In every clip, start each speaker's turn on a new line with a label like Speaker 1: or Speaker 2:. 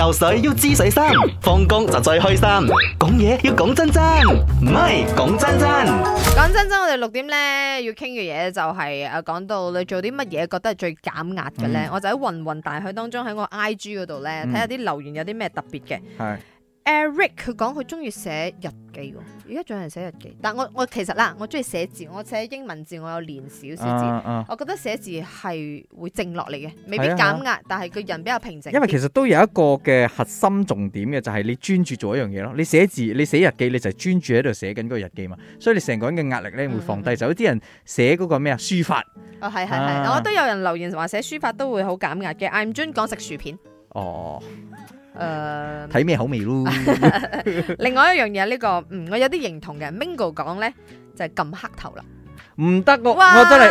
Speaker 1: 游水要知水深，放工就最開心。講嘢要講真真，唔係講真真。
Speaker 2: 講真真，我哋六點咧要傾嘅嘢就係、是、啊，講到你做啲乜嘢覺得係最減壓嘅咧，嗯、我就喺芸芸大海當中喺我 I G 嗰度咧睇下啲留言有啲咩特別嘅。嗯 Eric 佢講佢中意寫日記，而家仲有人寫日記。但係我我其實啦，我中意寫字，我寫英文字，我有練少少字。我覺得寫字係會靜落嚟嘅，未必減壓，但係個人比較平靜。因為其實
Speaker 1: 都有一個嘅核心重點嘅，就係你專注做一樣嘢咯。你寫字，你寫日記，你就專注喺度寫緊嗰個日記嘛。所以你成個人嘅壓力咧會放低。就好似啲人寫嗰個咩啊書法。
Speaker 2: 哦係係係，我都有人留言話寫書法都會好減壓嘅。I'm John 講食薯片。
Speaker 1: 哦，誒、呃，睇咩口味咯？
Speaker 2: 另外一樣嘢呢個，嗯，我有啲認同嘅。Mingo 講咧就係、是、撳黑頭啦，
Speaker 1: 唔得
Speaker 2: 我，哇我真係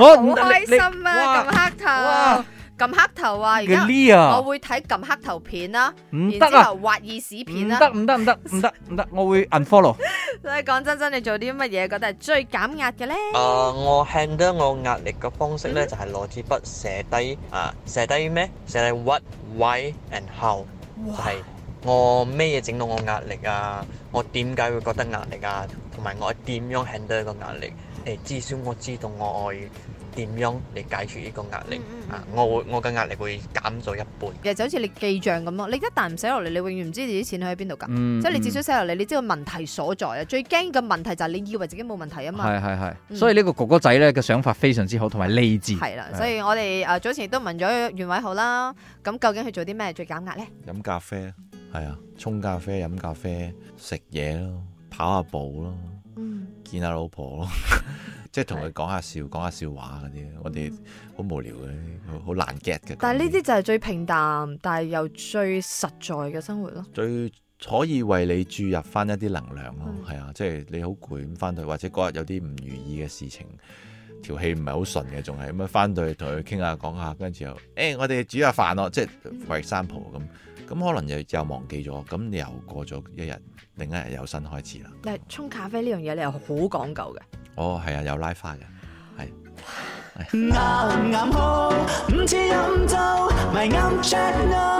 Speaker 1: 我好開心啊！
Speaker 2: 撳哇黑頭，撳哇黑頭啊！而家我會睇撳黑頭片、啊、啦，唔得啊，然之後挖耳屎片啦，唔
Speaker 1: 得唔得唔得唔得，我會 unfollow。
Speaker 2: 所以講真真，你做啲乜嘢覺得係最減壓嘅咧？
Speaker 1: 誒、呃，我 handle 我壓力嘅方式咧、嗯、就係攞支筆寫低，誒、啊，寫低咩？寫低 what、why and how，係哇我咩嘢整到我壓力啊？我點解會覺得壓力啊？同埋我點樣 handle 個壓力？誒、哎，至少我知道我可點樣嚟解決呢個壓力啊、嗯？我會我嘅壓力會減咗一半。
Speaker 2: 其實就好似你記賬咁咯，你一旦唔寫落嚟，你永遠唔知自己錢喺邊度㗎。即係、嗯、你至少寫落嚟，你知道問題所在啊。最驚嘅問題就係你以為自己冇問題啊嘛。係
Speaker 1: 係係。嗯、所以呢個哥哥仔咧嘅想法非常之好，同埋理智。係啦，所以
Speaker 2: 我哋誒早前亦都問咗袁偉豪啦。咁究竟去做啲咩最減壓咧？
Speaker 1: 飲咖啡，係啊，沖咖啡，飲咖啡，食嘢咯，跑下步咯，見下老婆咯。嗯 即係同佢講下笑，講下笑話嗰啲，嗯、我哋好無聊嘅，好好難 get 嘅。但係呢啲
Speaker 2: 就係最平淡，但係又最實在嘅生活咯。
Speaker 1: 最可以為你注入翻一啲能量咯，係啊、嗯，即係你好攰咁翻去，或者嗰日有啲唔如意嘅事情，條氣唔係好順嘅，仲係咁樣翻去同佢傾下講下，跟住又誒，hey, 我哋煮下飯咯，即係喂三婆咁，咁、嗯、可能又又忘記咗，咁你又過咗一日，另一日有新開始
Speaker 2: 啦。但係沖咖啡呢樣嘢，你係好講究嘅。
Speaker 1: 哦，係啊，有拉花嘅，係
Speaker 2: 啱啱好，
Speaker 1: 唔似飲酒，咪啱。